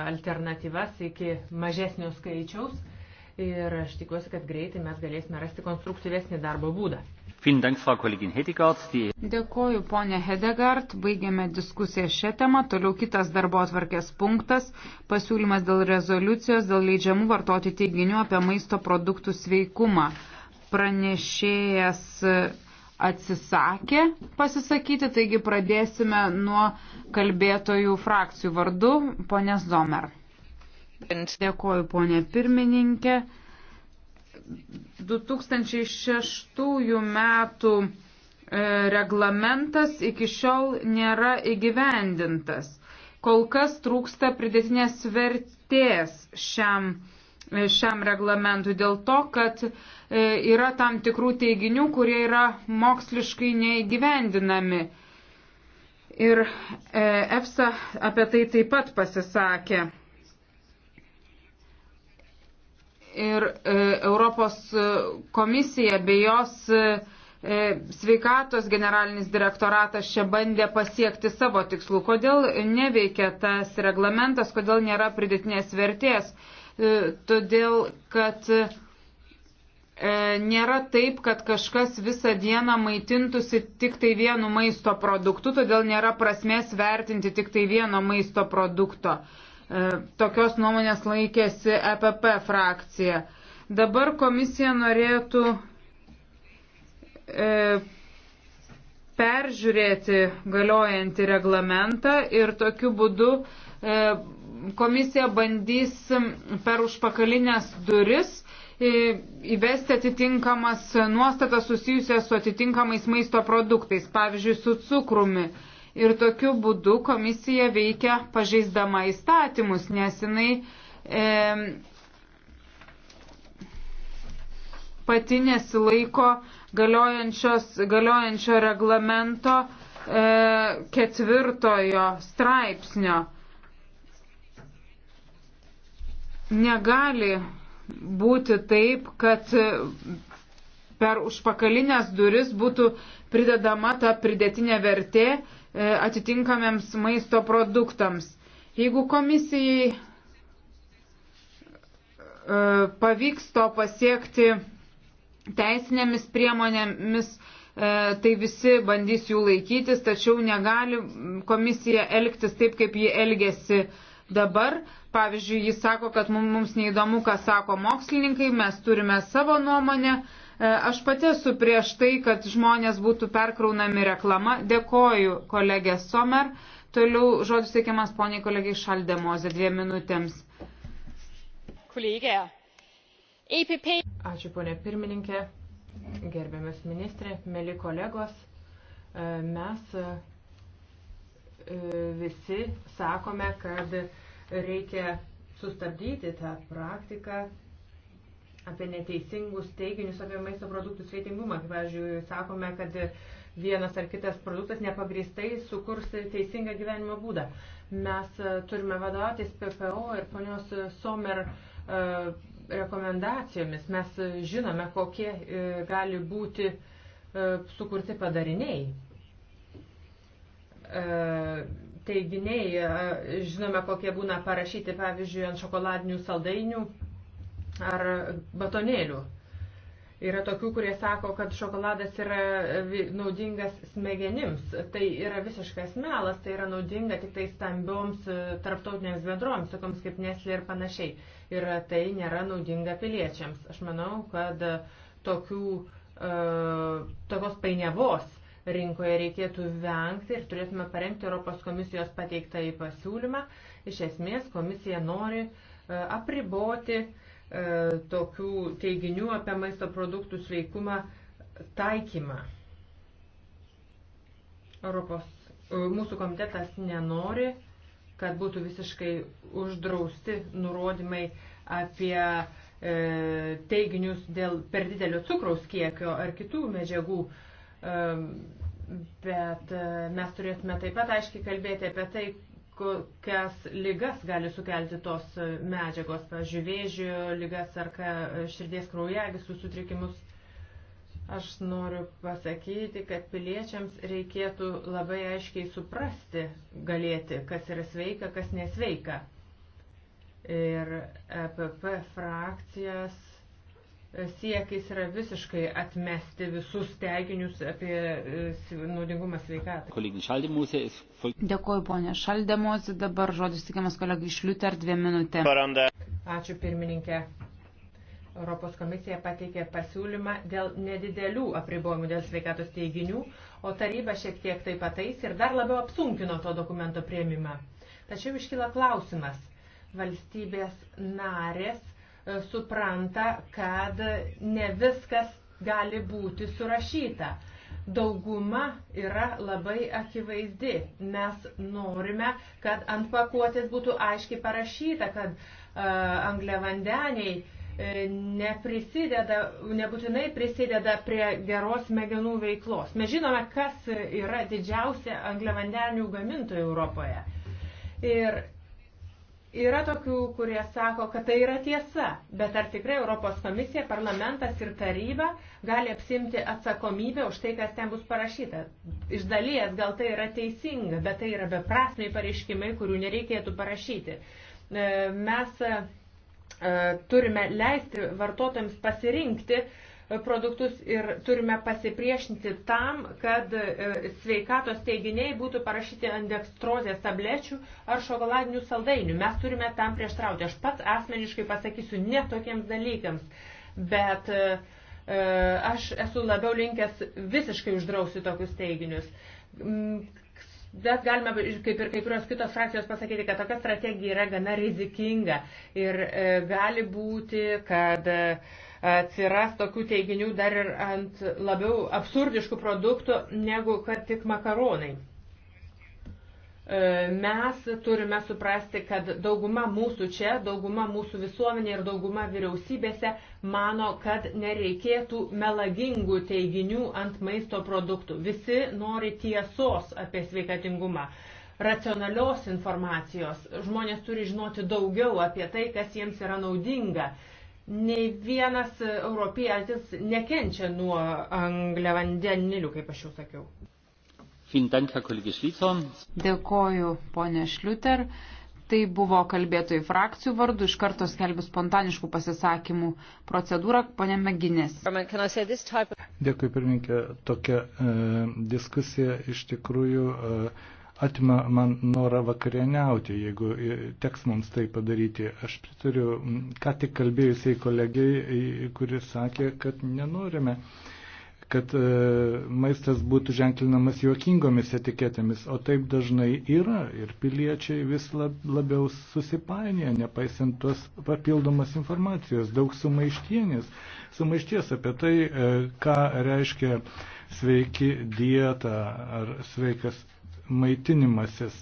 alternatyvas iki mažesnio skaičiaus ir aš tikiuosi, kad greitai mes galėsime rasti konstruktyvesnį darbo būdą. Dėkoju, ponė Hedegard. Baigėme diskusiją šią temą. Toliau kitas darbo atvarkės punktas - pasiūlymas dėl rezoliucijos dėl leidžiamų vartoti teiginių apie maisto produktų sveikumą. Pranešėjas atsisakė pasisakyti, taigi pradėsime nuo kalbėtojų frakcijų vardu, ponė Zomer. Dėkoju, ponė pirmininkė. 2006 metų e, reglamentas iki šiol nėra įgyvendintas. Kol kas trūksta pridėtinės vertės šiam reglamentu šiam reglamentui dėl to, kad e, yra tam tikrų teiginių, kurie yra moksliškai neįgyvendinami. Ir e, EFSA apie tai taip pat pasisakė. Ir e, Europos komisija bei jos sveikatos generalinis direktoratas čia bandė pasiekti savo tikslų. Kodėl neveikia tas reglamentas, kodėl nėra pridėtinės vertės E, todėl kad e, nėra taip, kad kažkas visą dieną maitintųsi tik tai vienu maisto produktu, todėl nėra prasmės vertinti tik tai vieno maisto produkto. E, tokios nuomonės laikėsi EPP frakcija. Dabar komisija norėtų peržiūrėti galiojantį reglamentą ir tokiu būdu komisija bandys per užpakalinės duris įvesti atitinkamas nuostatas susijusias su atitinkamais maisto produktais, pavyzdžiui, su cukrumi. Ir tokiu būdu komisija veikia pažeisdama įstatymus, nes jinai e, pati nesilaiko galiojančio reglamento e, ketvirtojo straipsnio. Negali būti taip, kad per užpakalinės duris būtų pridedama ta pridėtinė vertė e, atitinkamiems maisto produktams. Jeigu komisijai e, pavyks to pasiekti teisinėmis priemonėmis, e, tai visi bandys jų laikytis, tačiau negali komisija elgtis taip, kaip ji elgesi Dabar, pavyzdžiui, jis sako, kad mums neįdomu, ką sako mokslininkai, mes turime savo nuomonę. E, aš pati esu prieš tai, kad žmonės būtų perkraunami reklama. Dėkoju kolegė Somer. Toliau žodis teikiamas poniai kolegiai Šaldemozė dviem minutėms. Kolegija. EPP. Ačiū ponė pirmininkė, gerbiamas ministrė, mėly kolegos. E, mes E, visi sakome, kad reikia sustabdyti tą praktiką apie neteisingus teiginius apie maisto produktų sveitingumą. Kaip, pavyzdžiui, sakome, kad vienas ar kitas produktas nepagristai sukurs teisingą gyvenimo būdą. Mes e, turime vadovautis PPO ir ponios Somer e, rekomendacijomis. Mes žinome, kokie gali būti sukurti padariniai. E, teiginiai, e, žinome, kokie būna parašyti, pavyzdžiui, ant šokoladinių saldainių ar batonėlių. Yra tokių, kurie sako, kad šokoladas yra e, naudingas smegenims. Tai yra visiškas melas, tai yra naudinga tik tai stambioms tarptautinėms bendroms, tokioms kaip Nestlé ir panašiai. Ir tai nėra naudinga piliečiams. Aš manau, kad tokių, tokios painiavos rinkoje reikėtų vengti ir turėtume parengti Europos komisijos pateiktą į pasiūlymą. Iš esmės komisija nori e, apriboti e, tokių teiginių apie maisto produktų sveikumą taikymą. Europos, e, mūsų komitetas nenori, kad būtų visiškai uždrausti nurodymai apie e, teiginius dėl per didelio cukraus kiekio ar kitų medžiagų e, Bet e, mes turėtume taip pat aiškiai kalbėti apie tai, kokias lygas gali sukelti tos e, medžiagos, pavyzdžiui, vėžių lygas ar e, širdies kraujagyslių sutrikimus. Aš noriu pasakyti, kad piliečiams reikėtų labai aiškiai suprasti galėti, kas yra sveika, kas nesveika. Ir EPP frakcijas siekis yra visiškai atmesti visus teiginius apie e, naudingumą sveikatai. Dėkuoju, ponė Šaldemos. Dabar žodis tikiamas kolegai Šliuter dviem minutė. Ačiū pirmininkė. Europos komisija pateikė pasiūlymą dėl nedidelių apribojimų dėl sveikatos teiginių, o taryba šiek tiek tai patais ir dar labiau apsunkino to dokumento prieimimą. Tačiau iškyla klausimas. Valstybės narės E, supranta, kad ne viskas gali būti surašyta. Dauguma yra labai akivaizdi. Mes norime, kad ant pakuotės būtų aiškiai parašyta, kad uh, angliavandeniai uh, neprisideda, nebūtinai prisideda prie geros smegenų veiklos. Mes žinome, kas yra didžiausia angliavandenių gamintoja Europoje. Ir Yra tokių, kurie sako, kad tai yra tiesa, bet ar tikrai Europos komisija, parlamentas ir taryba gali apsimti atsakomybę už tai, kas ten bus parašyta? Iš dalies gal tai yra teisinga, bet tai yra beprasmiai pareiškimai, kurių nereikėtų parašyti. E, mes e, turime leisti vartotojams pasirinkti, produktus ir turime pasipriešinti tam, kad e, sveikatos teiginiai būtų parašyti ant dekstrozės tablečių ar šokoladinių saldainių. Mes turime tam prieštrauti. Aš pats asmeniškai pasakysiu ne tokiems dalykams, bet e, e, aš esu labiau linkęs visiškai uždrausti tokius teiginius. Mm, bet galime, kaip ir kai kurios kitos frakcijos, pasakyti, kad tokia strategija yra gana rizikinga ir e, gali būti, kad e, atsiras tokių teiginių dar ir ant labiau absurdiškų produktų negu kad tik makaronai. E, mes turime suprasti, kad dauguma mūsų čia, dauguma mūsų visuomenė ir dauguma vyriausybėse mano, kad nereikėtų melagingų teiginių ant maisto produktų. Visi nori tiesos apie sveikatingumą racionalios informacijos. Žmonės turi žinoti daugiau apie tai, kas jiems yra naudinga. Nei vienas europietis nekenčia nuo angliavandenilių, kaip aš jau sakiau. Dėkoju, ponė Šliuter. Tai buvo kalbėtojų frakcijų vardu, iš karto skelbiu spontaniškų pasisakymų procedūrą, ponė Meginės. Dėkui, pirmininkė, tokia e, diskusija iš tikrųjų. E, atima man norą vakarieniauti, jeigu teks mums tai padaryti. Aš pritariu ką tik kalbėjusiai kolegijai, kuris sakė, kad nenorime, kad e, maistas būtų ženklinamas juokingomis etiketėmis, o taip dažnai yra ir piliečiai vis lab, labiau susipainėja, nepaisant tos papildomas informacijos, daug sumaištienis, sumaišties apie tai, e, ką reiškia sveiki dieta ar sveikas maitinimasis.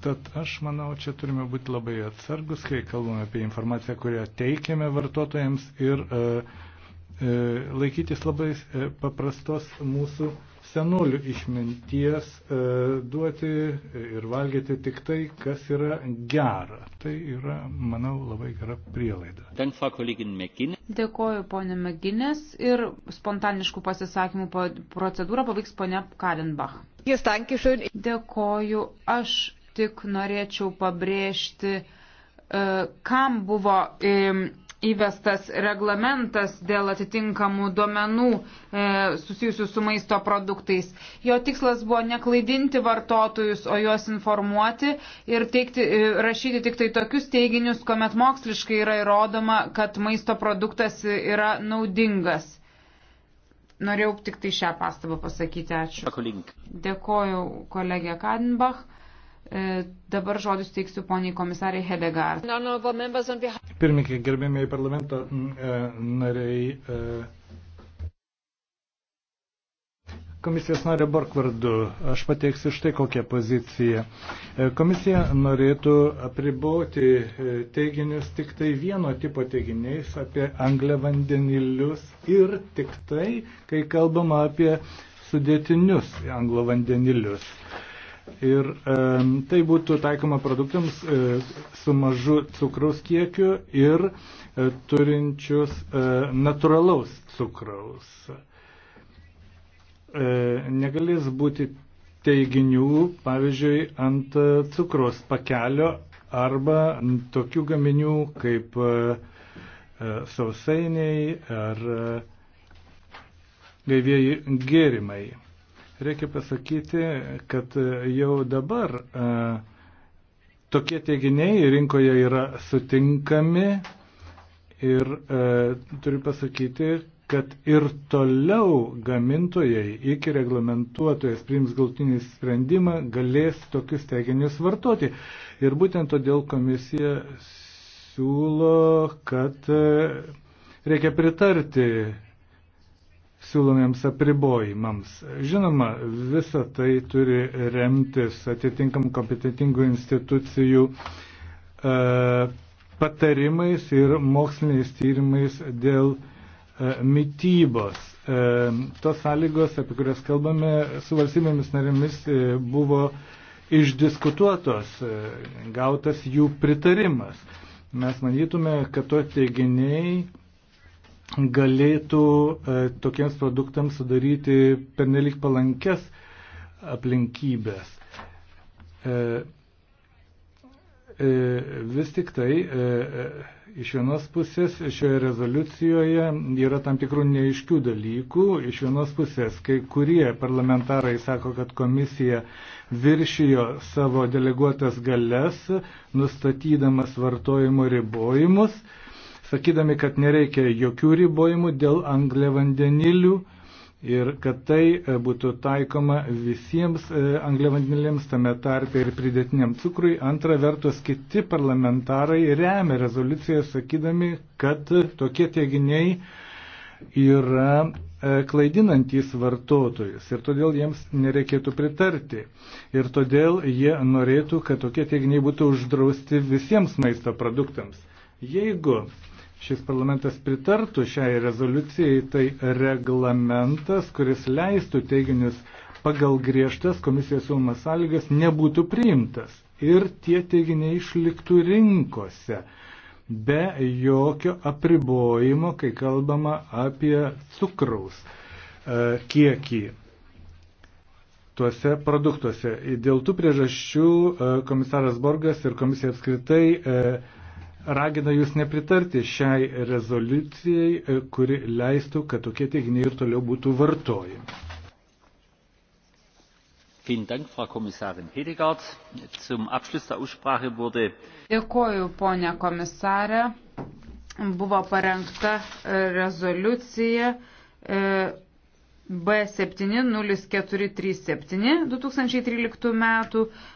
Tad aš manau, čia turime būti labai atsargus, kai kalbame apie informaciją, kurią teikiame vartotojams ir e, e, laikytis labai e, paprastos mūsų senolių išminties e, duoti ir valgyti tik tai, kas yra gera. Tai yra, manau, labai gera prielaida. Dėkoju, ponė Meginės. Ir spontaniškų pasisakymų procedūrą paveiks ponė Karinbach. Dėkoju. Aš tik norėčiau pabrėžti, e, kam buvo. E, įvestas reglamentas dėl atitinkamų duomenų e, susijusių su maisto produktais. Jo tikslas buvo neklaidinti vartotojus, o juos informuoti ir teikti, e, rašyti tik tai tokius teiginius, kuomet moksliškai yra įrodoma, kad maisto produktas yra naudingas. Norėjau tik tai šią pastabą pasakyti. Ačiū. Dėkoju kolegė Kadenbach. E, dabar žodis teiksiu poniai komisariai Hedegard. Nu, Pirmininkai, gerbėmiai parlamento e, nariai. E, komisijos nario Bork vardu, aš pateiksiu štai kokią poziciją. Komisija norėtų apriboti teiginius tik tai vieno tipo teiginiais apie angliavandenilius ir tik tai, kai kalbama apie sudėtinius anglovandenilius. vandenilius. Ir e, tai būtų taikoma produktams e, su mažu cukraus kiekiu ir e, turinčius e, natūralaus cukraus. E, negalės būti teiginių, pavyzdžiui, ant cukraus pakelio arba tokių gaminių kaip e, e sausainiai ar e, gaivieji gėrimai. Reikia pasakyti, kad jau dabar a, e, tokie teiginiai rinkoje yra sutinkami ir a, e, turiu pasakyti, kad ir toliau gamintojai iki reglamentuotojas priims galtinį sprendimą galės tokius teiginius vartoti. Ir būtent todėl komisija siūlo, kad e, reikia pritarti siūlomiems apribojimams. Žinoma, visa tai turi remtis atitinkamų kompetitingų institucijų e, patarimais ir moksliniais tyrimais dėl e, mytybos. E, tos sąlygos, apie kurias kalbame, su valstybėmis narėmis e, buvo išdiskutuotos, e, gautas jų pritarimas. Mes manytume, kad to teiginiai galėtų e, tokiems produktams sudaryti pernelik palankes aplinkybės. E, e, vis tik tai iš vienos pusės šioje rezoliucijoje yra tam tikrų neiškių dalykų. Iš vienos pusės kai kurie parlamentarai sako, kad komisija viršijo savo deleguotas galias, nustatydamas vartojimo ribojimus. E, sakydami, kad nereikia jokių ribojimų dėl angliavandenilių ir kad tai e, būtų taikoma visiems e, angliavandenilėms, tame tarpe ir pridėtiniam cukrui. Antra vertus, kiti parlamentarai remia rezoliuciją, sakydami, kad tokie teiginiai yra e, klaidinantys vartotojus ir todėl jiems nereikėtų pritarti. Ir todėl jie norėtų, kad tokie teiginiai būtų uždrausti visiems maisto produktams. Jeigu šis parlamentas pritartų šiai rezoliucijai, tai reglamentas, kuris leistų teiginius pagal griežtas komisijos siūlomas sąlygas, nebūtų priimtas ir tie teiginiai išliktų rinkose be jokio apribojimo, kai kalbama apie cukraus e, kiekį tuose produktuose. Dėl tų priežasčių e, komisaras Borgas ir komisija apskritai e, ragina jūs nepritarti šiai rezoliucijai, e, kuri leistų, kad tokie teiginiai ir toliau būtų vartojami. Dėkoju, ponė komisarė. Buvo parengta e, rezoliucija e, B70437 2013 metų